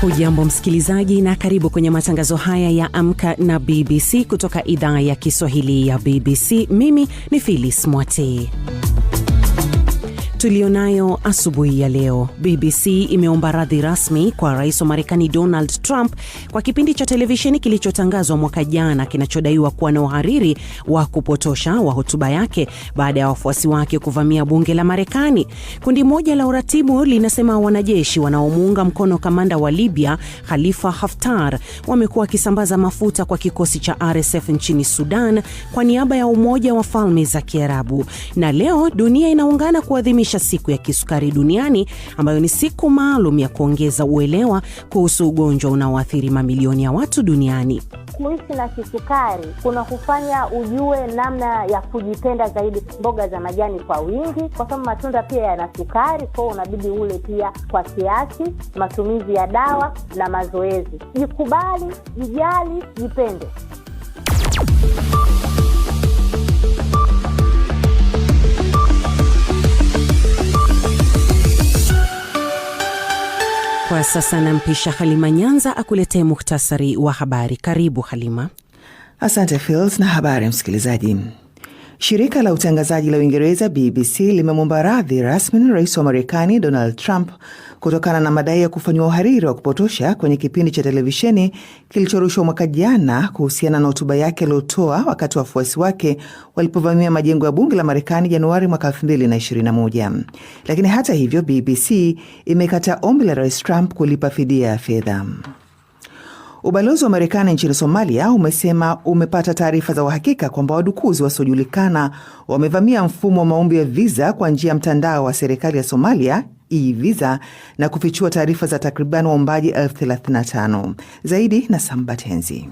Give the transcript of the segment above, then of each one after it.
Hujambo msikilizaji, na karibu kwenye matangazo haya ya Amka na BBC kutoka idhaa ya Kiswahili ya BBC. Mimi ni filis mwatee tuliyonayo asubuhi ya leo. BBC imeomba radhi rasmi kwa rais wa Marekani Donald Trump kwa kipindi cha televisheni kilichotangazwa mwaka jana kinachodaiwa kuwa na uhariri wa kupotosha wa hotuba yake baada ya wafuasi wake kuvamia bunge la Marekani. Kundi moja la uratibu linasema wanajeshi wanaomuunga mkono kamanda wa Libya Khalifa Haftar wamekuwa wakisambaza mafuta kwa kikosi cha RSF nchini Sudan kwa niaba ya Umoja wa Falme za Kiarabu. Na leo dunia inaungana kuadhimisha kuadhimisha siku ya kisukari duniani ambayo ni siku maalum ya kuongeza uelewa kuhusu ugonjwa unaoathiri mamilioni ya watu duniani. Kuishi na kisukari kuna kufanya ujue namna ya kujipenda zaidi, mboga za majani kwa wingi, kwa sababu matunda pia yana sukari, kwao unabidi ule pia kwa kiasi, matumizi ya dawa na mazoezi. Jikubali, jijali, jipende. Kwa sasa nampisha Halima Nyanza akuletee muhtasari wa habari. Karibu Halima. Asante Fils na habari msikilizaji. Shirika la utangazaji la Uingereza BBC limemwomba radhi rasmi rais wa Marekani Donald Trump kutokana na madai ya kufanyiwa uhariri wa kupotosha kwenye kipindi cha televisheni kilichorushwa mwaka jana kuhusiana na hotuba yake aliyotoa wakati wafuasi wake walipovamia majengo ya bunge la Marekani Januari mwaka 2021. Lakini hata hivyo, BBC imekataa ombi la rais Trump kulipa fidia ya fedha. Ubalozi wa Marekani nchini Somalia umesema umepata taarifa za uhakika kwamba wadukuzi wasiojulikana wamevamia mfumo wa maombi ya viza kwa njia ya mtandao wa serikali ya Somalia e-visa na kufichua taarifa za takriban waombaji 35. Zaidi na Sambatenzi.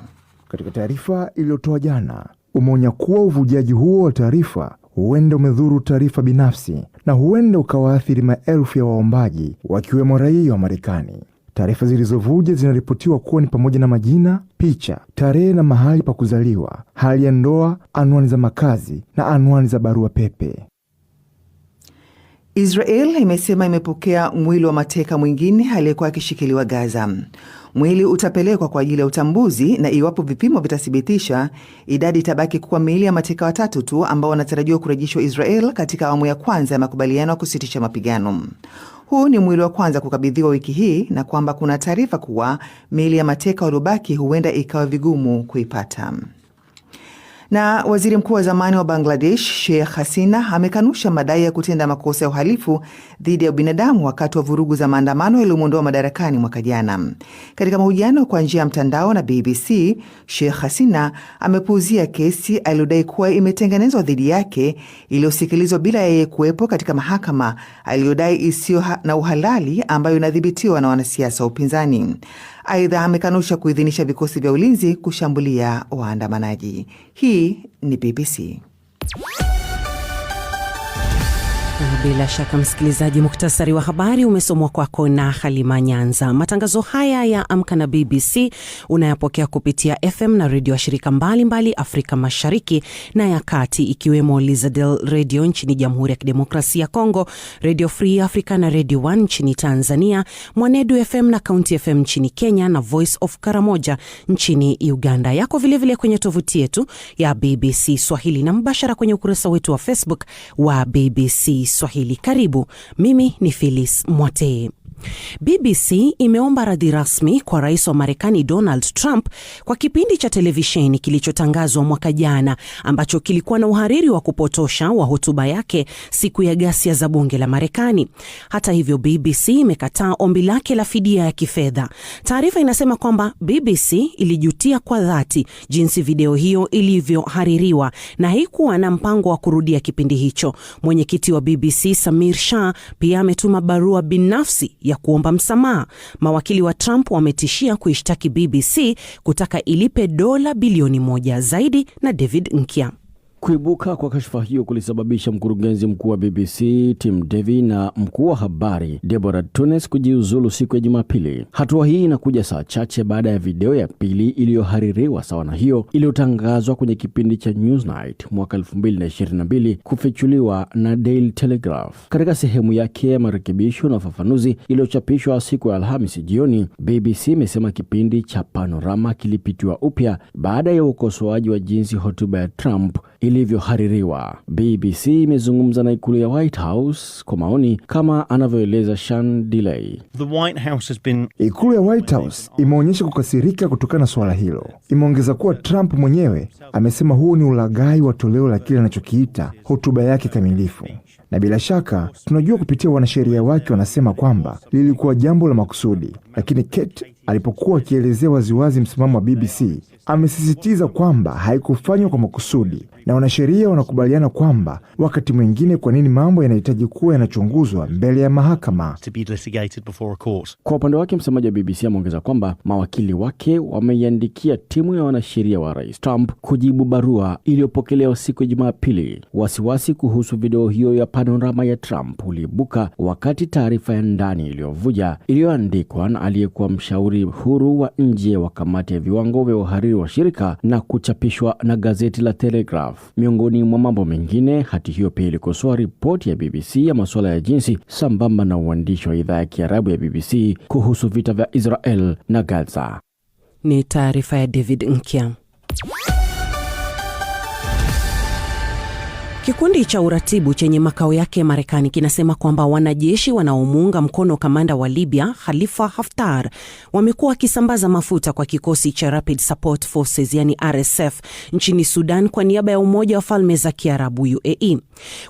Katika taarifa iliyotoa jana, umeonya kuwa uvujaji huo wa taarifa huenda umedhuru taarifa binafsi na huenda ukawaathiri maelfu ya waombaji wakiwemo raia wa Marekani. Taarifa zilizovuja zinaripotiwa kuwa ni pamoja na majina, picha, tarehe na mahali pa kuzaliwa, hali ya ndoa, anwani za makazi na anwani za barua pepe. Israel imesema imepokea mwili wa mateka mwingine aliyekuwa akishikiliwa Gaza. Mwili utapelekwa kwa ajili ya utambuzi na iwapo vipimo vitathibitisha, idadi itabaki kuwa miili ya mateka watatu tu ambao wanatarajiwa kurejeshwa Israel katika awamu ya kwanza ya makubaliano ya kusitisha mapigano. Huu ni mwili wa kwanza kukabidhiwa wiki hii na kwamba kuna taarifa kuwa miili ya mateka waliobaki huenda ikawa vigumu kuipata. Na waziri mkuu wa zamani wa Bangladesh Sheikh Hasina amekanusha madai ya kutenda makosa ya uhalifu dhidi ya binadamu wakati wa vurugu za maandamano yaliyomwondoa madarakani mwaka jana. Katika mahojiano kwa njia ya mtandao na BBC, Sheikh Hasina amepuuzia kesi aliyodai kuwa imetengenezwa dhidi yake iliyosikilizwa bila yeye kuwepo katika mahakama aliyodai isiyo na uhalali ambayo inadhibitiwa na wanasiasa wa upinzani. Aidha, amekanusha kuidhinisha vikosi vya ulinzi kushambulia waandamanaji. Hii ni BBC. Bila shaka msikilizaji, muktasari wa habari umesomwa kwako na Halima Nyanza. Matangazo haya ya Amka na BBC unayapokea kupitia FM na redio ya shirika mbalimbali mbali Afrika Mashariki na ya Kati, ikiwemo Lizadel redio nchini Jamhuri ya Kidemokrasia ya Kongo, Redio Free Africa na Redio One nchini Tanzania, Mwanedu FM na County FM nchini Kenya na Voice of Karamoja nchini Uganda. Yako vilevile vile kwenye tovuti yetu ya BBC Swahili na mbashara kwenye ukurasa wetu wa Facebook wa BBC Kiswahili. Karibu, mimi ni Phyllis Mwatee. BBC imeomba radhi rasmi kwa rais wa Marekani Donald Trump kwa kipindi cha televisheni kilichotangazwa mwaka jana ambacho kilikuwa na uhariri wa kupotosha wa hotuba yake siku ya gasia za bunge la Marekani. Hata hivyo, BBC imekataa ombi lake la fidia ya kifedha. Taarifa inasema kwamba BBC ilijutia kwa dhati jinsi video hiyo ilivyohaririwa na haikuwa na mpango wa kurudia kipindi hicho. Mwenyekiti wa BBC Samir Shah pia ametuma barua binafsi ya kuomba msamaha. Mawakili wa Trump wametishia kuishtaki BBC kutaka ilipe dola bilioni moja zaidi na David Nkia. Kuibuka kwa kashfa hiyo kulisababisha mkurugenzi mkuu wa BBC Tim devi na mkuu wa habari Deborah Tunes kujiuzulu siku ya Jumapili. Hatua hii inakuja saa chache baada ya video ya pili iliyohaririwa sawa na hiyo iliyotangazwa kwenye kipindi cha Newsnight mwaka 2022 kufichuliwa na Daily Telegraph. Katika sehemu yake ya marekebisho na ufafanuzi iliyochapishwa siku ya Alhamisi jioni, BBC imesema kipindi cha Panorama kilipitiwa upya baada ya ukosoaji wa jinsi hotuba ya Trump ilivyohaririwa. BBC imezungumza na ikulu ya White House kwa maoni, kama anavyoeleza Shan Delay. Ikulu ya White House imeonyesha kukasirika kutokana na suala hilo. Imeongeza kuwa Trump mwenyewe amesema huu ni ulaghai wa toleo la kile anachokiita hotuba yake kamilifu, na bila shaka tunajua kupitia wanasheria wake wanasema kwamba lilikuwa jambo la makusudi, lakini Kate alipokuwa akielezea waziwazi msimamo wa BBC, amesisitiza kwamba haikufanywa kwa makusudi, na wanasheria wanakubaliana kwamba wakati mwingine, kwa nini mambo yanahitaji kuwa yanachunguzwa mbele ya mahakama. Kwa upande wake, msemaji wa BBC ameongeza kwamba mawakili wake wameiandikia timu ya wanasheria wa rais Trump kujibu barua iliyopokelewa siku ya Jumapili. Wasiwasi kuhusu video hiyo ya panorama ya Trump uliibuka wakati taarifa ya ndani iliyovuja iliyoandikwa na aliyekuwa mshauri mshauri huru wa nje wa kamati ya viwango vya uhariri wa shirika na kuchapishwa na gazeti la Telegraph. Miongoni mwa mambo mengine, hati hiyo pia ilikosoa ripoti ya BBC ya masuala ya jinsi sambamba na uandishi wa idhaa ya Kiarabu ya BBC kuhusu vita vya Israel na Gaza. Ni taarifa ya David Nkia. Kikundi cha uratibu chenye makao yake Marekani kinasema kwamba wanajeshi wanaomuunga mkono kamanda wa Libya Khalifa Haftar wamekuwa wakisambaza mafuta kwa kikosi cha Rapid Support Forces yani RSF nchini Sudan kwa niaba ya Umoja wa Falme za Kiarabu UAE.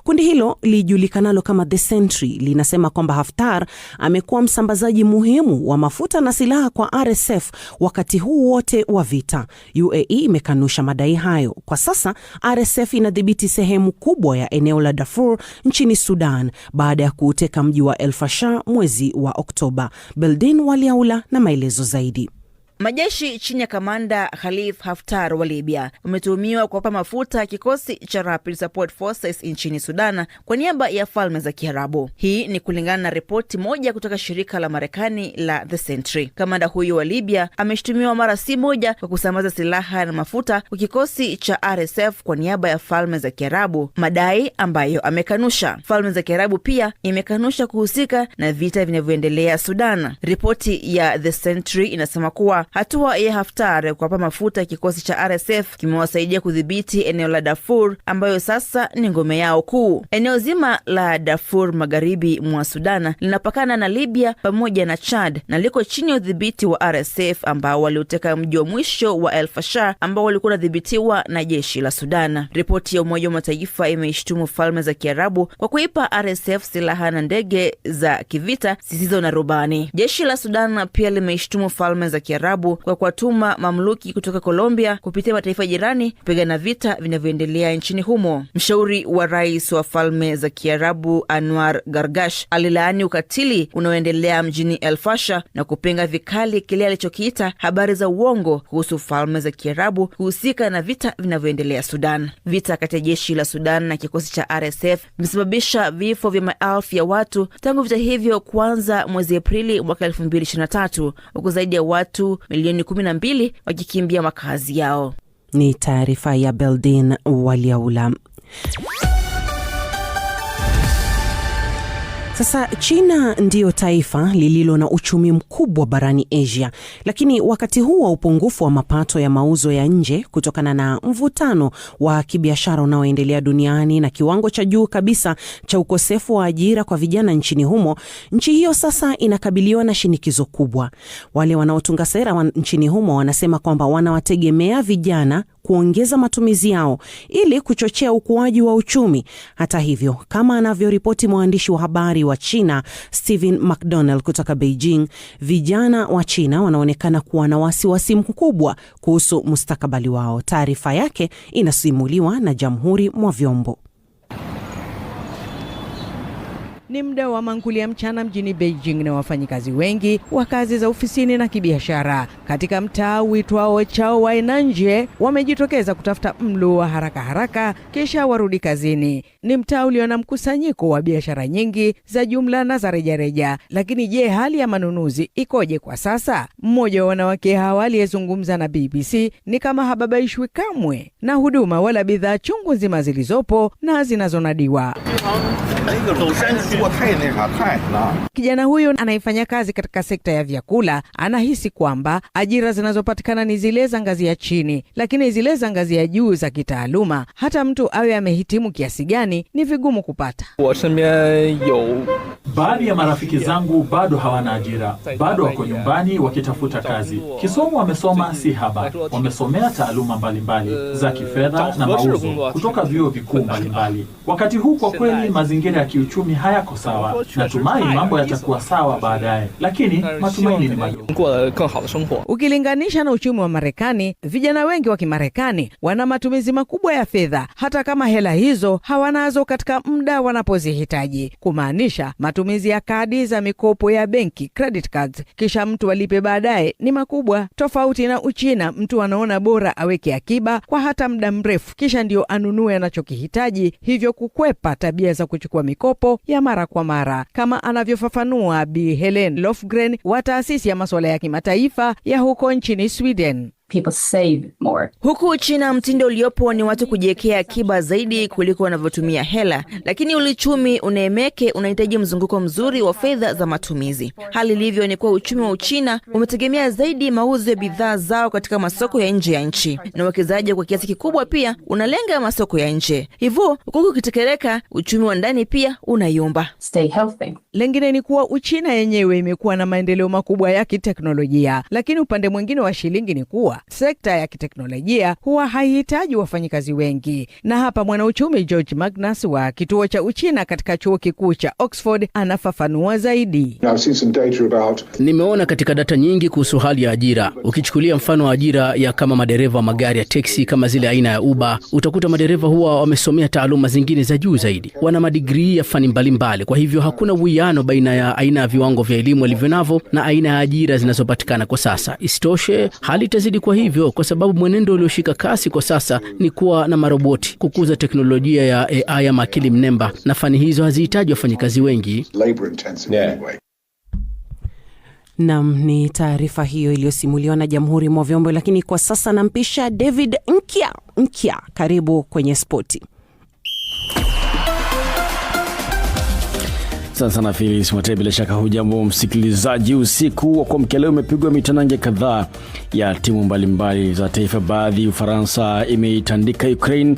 Kundi hilo lijulikanalo kama The Sentry linasema kwamba Haftar amekuwa msambazaji muhimu wa mafuta na silaha kwa RSF wakati huu wote wa vita. UAE imekanusha madai hayo. Kwa sasa RSF inadhibiti sehemu kubwa ya eneo la Darfur nchini Sudan baada ya kuuteka mji wa elfasha mwezi wa Oktoba. Beldin Waliaula na maelezo zaidi. Majeshi chini ya kamanda Khalif Haftar wa Libya wametuhumiwa kuwapa mafuta kikosi cha Rapid Support Forces nchini Sudan kwa niaba ya Falme za Kiarabu. Hii ni kulingana na ripoti moja kutoka shirika la Marekani la The Sentry. Kamanda huyo wa Libya ameshutumiwa mara si moja kwa kusambaza silaha na mafuta kwa kikosi cha RSF kwa niaba ya Falme za Kiarabu, madai ambayo amekanusha. Falme za Kiarabu pia imekanusha kuhusika na vita vinavyoendelea Sudan. Ripoti ya The Sentry inasema kuwa Hatua ya Haftar kuwapa mafuta ya kikosi cha RSF kimewasaidia kudhibiti eneo la Darfur ambayo sasa ni ngome yao kuu. Eneo zima la Darfur magharibi mwa Sudan linapakana na Libya pamoja na Chad na liko chini ya udhibiti wa RSF ambao waliuteka mji wa mwisho wa El Fasher ambao walikuwa unadhibitiwa na jeshi la Sudan. Ripoti ya Umoja wa Mataifa imeishtumu Falme za Kiarabu kwa kuipa RSF silaha na ndege za kivita zisizo na rubani. Jeshi la Sudan pia limeishtumu Falme za Kiarabu Kiarabu kwa kuwatuma mamluki kutoka Colombia kupitia mataifa jirani kupigana vita vinavyoendelea nchini humo. Mshauri wa rais wa Falme za Kiarabu Anwar Gargash alilaani ukatili unaoendelea mjini El Fasha na kupinga vikali kile alichokiita habari za uongo kuhusu Falme za Kiarabu kuhusika na vita vinavyoendelea Sudan. Vita kati ya jeshi la Sudan na kikosi cha RSF vimesababisha vifo vya maelfu ya watu tangu vita hivyo kuanza mwezi Aprili mwaka 2023 huku zaidi ya watu milioni 12 wakikimbia makazi yao. Ni taarifa ya Beldin Waliaula. Sasa China ndiyo taifa lililo na uchumi mkubwa barani Asia, lakini wakati huu wa upungufu wa mapato ya mauzo ya nje kutokana na mvutano wa kibiashara unaoendelea duniani na kiwango cha juu kabisa cha ukosefu wa ajira kwa vijana nchini humo, nchi hiyo sasa inakabiliwa na shinikizo kubwa. Wale wanaotunga sera nchini humo wanasema kwamba wanawategemea vijana kuongeza matumizi yao ili kuchochea ukuaji wa uchumi. Hata hivyo, kama anavyoripoti mwandishi wa habari wa China Stephen McDonald kutoka Beijing, vijana wa China wanaonekana kuwa na wasiwasi mkubwa kuhusu mustakabali wao. Taarifa yake inasimuliwa na Jamhuri mwa Vyombo. Ni muda wa mankuli ya mchana mjini Beijing na wafanyikazi wengi wa kazi za ofisini na kibiashara katika mtaa uitwao Chao Wainanje wamejitokeza kutafuta mlo wa haraka haraka kisha warudi kazini. Ni mtaa ulio na mkusanyiko wa biashara nyingi za jumla na za rejareja. Lakini je, hali ya manunuzi ikoje kwa sasa? Mmoja wa wanawake hawa aliyezungumza na BBC ni kama hababaishwi kamwe na huduma wala bidhaa chungu nzima zilizopo na zinazonadiwa Kijana huyu anayefanya kazi katika sekta ya vyakula anahisi kwamba ajira zinazopatikana ni zile za ngazi ya chini, lakini zile za ngazi ya juu za kitaaluma, hata mtu awe amehitimu kiasi gani, ni vigumu kupata. Baadhi ya marafiki zangu bado hawana ajira, bado wako nyumbani wakitafuta kazi. Kisomo wamesoma si haba, wamesomea taaluma mbalimbali za kifedha na mauzo kutoka vyuo vikuu mbalimbali. Wakati huu kwa kweli mazingira ya kiuchumi haya yako sawa. Natumai mambo yatakuwa sawa baadaye, lakini matumaini ni madogo. Uh, Ukilinganisha na uchumi wa Marekani, vijana wengi wa Kimarekani wana matumizi makubwa ya fedha, hata kama hela hizo hawanazo katika muda wanapozihitaji, kumaanisha matumizi ya kadi za mikopo ya benki credit cards, kisha mtu alipe baadaye ni makubwa, tofauti na Uchina. Mtu anaona bora aweke akiba kwa hata muda mrefu, kisha ndio anunue anachokihitaji, hivyo kukwepa tabia za kuchukua mikopo ya mara mara kwa mara, kama anavyofafanua Bi Helen Lofgren wa taasisi ya masuala ya kimataifa ya huko nchini Sweden people save more. Huku China mtindo uliopo ni watu kujiwekea akiba zaidi kuliko wanavyotumia hela, lakini ulichumi unaemeke unahitaji mzunguko mzuri wa fedha za matumizi. Hali ilivyo ni kuwa uchumi wa Uchina umetegemea zaidi mauzo ya bidhaa zao katika masoko ya nje ya nchi, na uwekezaji kwa kiasi kikubwa pia unalenga masoko ya nje. Hivyo huku ukitekeleka, uchumi wa ndani pia unayumba. Stay healthy. Lengine ni kuwa Uchina yenyewe imekuwa na maendeleo makubwa ya kiteknolojia, lakini upande mwingine wa shilingi ni kuwa sekta ya kiteknolojia huwa haihitaji wafanyikazi wengi, na hapa mwanauchumi George Magnus wa kituo cha Uchina katika chuo kikuu cha Oxford anafafanua zaidi. About... nimeona katika data nyingi kuhusu hali ya ajira. Ukichukulia mfano wa ajira ya kama madereva wa magari ya teksi kama zile aina ya uba utakuta madereva huwa wamesomea taaluma zingine za juu zaidi, wana madigrii ya fani mbalimbali. Kwa hivyo hakuna uwiano baina ya aina ya viwango vya elimu walivyo navo na aina ya ajira zinazopatikana kwa sasa. Isitoshe, hali itazidi kwa hivyo, kwa sababu mwenendo ulioshika kasi kwa sasa ni kuwa na maroboti, kukuza teknolojia ya AI ama akili mnemba, na fani hizo hazihitaji wafanyakazi wengi. Nam, ni taarifa hiyo iliyosimuliwa na Jamhuri mwa Vyombo. Lakini kwa sasa nampisha David Nkya Nkya, karibu kwenye spoti. Asante sana Felis Mwatee, bila shaka hujambo msikilizaji. Usiku wa kuamkia leo umepigwa mitanange kadhaa ya timu mbalimbali mbali za taifa. Baadhi Ufaransa imeitandika Ukraine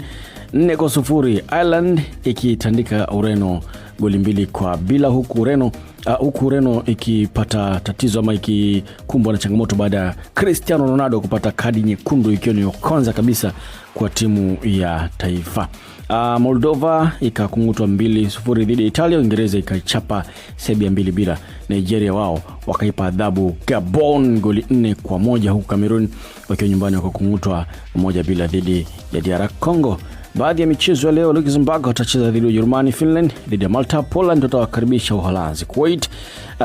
nne kwa sufuri, Ireland ikitandika Ureno goli mbili kwa bila, huku Ureno Uh, huku uh, ikipata tatizo ama ikikumbwa na changamoto baada ya Cristiano Ronaldo kupata kadi nyekundu ikiwa ni kwanza kabisa kwa timu ya taifa. Uh, Moldova ikakungutwa mbili sufuri dhidi ya Italia. Uingereza ikaichapa sebia mbili bila. Nigeria wao wakaipa adhabu Gabon goli nne kwa moja huku cameron wakiwa nyumbani wakakungutwa moja bila dhidi ya diara Congo. Baadhi ya michezo ya leo, Luxembourg watacheza dhidi ya Ujerumani, Finland dhidi ya Malta, Poland watawakaribisha Uholanzi, Kuwait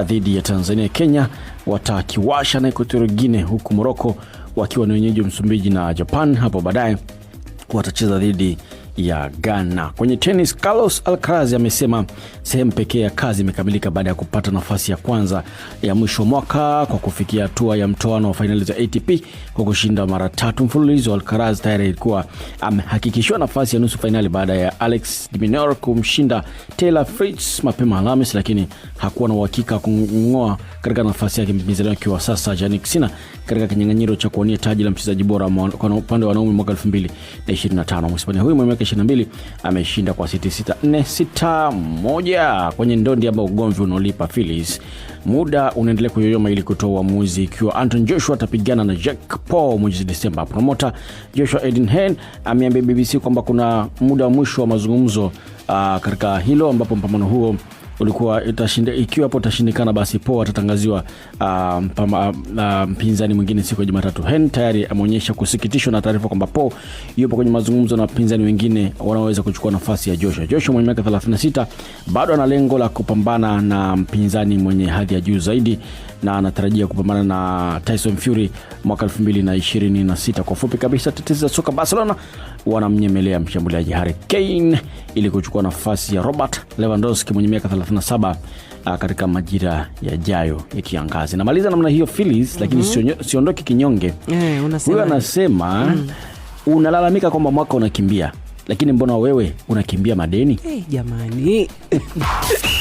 dhidi ya Tanzania, Kenya watakiwasha na Equatorial huku moroko wakiwa ni wenyeji wa Msumbiji na Japan hapo baadaye watacheza dhidi ya Ghana. Kwenye tenis, Carlos Alcaraz amesema sehemu pekee ya kazi imekamilika baada ya kupata nafasi ya kwanza ya mwisho mwaka kwa kufikia hatua ya mtoano wa fainali za ATP kwa kushinda mara tatu mfululizo. Alcaraz tayari alikuwa amehakikishiwa nafasi ya nusu fainali baada ya Alex de kumshinda Taylor Fritz mapema Alhamis, lakini hakuwa na uhakika kung'oa katika nafasi yake mpinzani wake wa sasa janik sina katika kinyang'anyiro cha kuwania taji la mchezaji bora kwa upande wa wanaume mwaka 2025. Mhispania huyu mwenye 22 ameshinda kwa siti 6461 kwenye ndondi ambayo ugomvi unaolipa Phillies. Muda unaendelea kuyoyoma ili kutoa uamuzi ikiwa anton Joshua atapigana na Jack Paul mwezi Desemba. Promota Joshua edin hen ameambia BBC kwamba kuna muda wa mwisho wa mazungumzo uh, katika hilo ambapo mpambano huo ulikuwa itashinda, ikiwa hapo itashindikana, basi po atatangaziwa ah, ah, mpinzani um, um, mwingine siku ya Jumatatu. hen tayari ameonyesha kusikitishwa na taarifa kwamba po yupo kwenye mazungumzo na wapinzani wengine wanaoweza kuchukua nafasi ya Joshua. Joshua mwenye miaka 36 bado ana lengo la kupambana na mpinzani mwenye hadhi ya juu zaidi na anatarajia kupambana na Tyson Fury mwaka 2026. Kwa fupi kabisa, tetezi za soka Barcelona wanamnyemelea mshambuliaji Harry Kane ili kuchukua nafasi ya Robert Lewandowski mwenye miaka 37 ah, katika majira yajayo ya kiangazi. Namaliza namna hiyo Phyllis, lakini mm -hmm. siondoki kinyonge eh, huyo. anasema mm. Unalalamika kwamba mwaka unakimbia, lakini mbona wewe unakimbia madeni? Hey, eh, jamani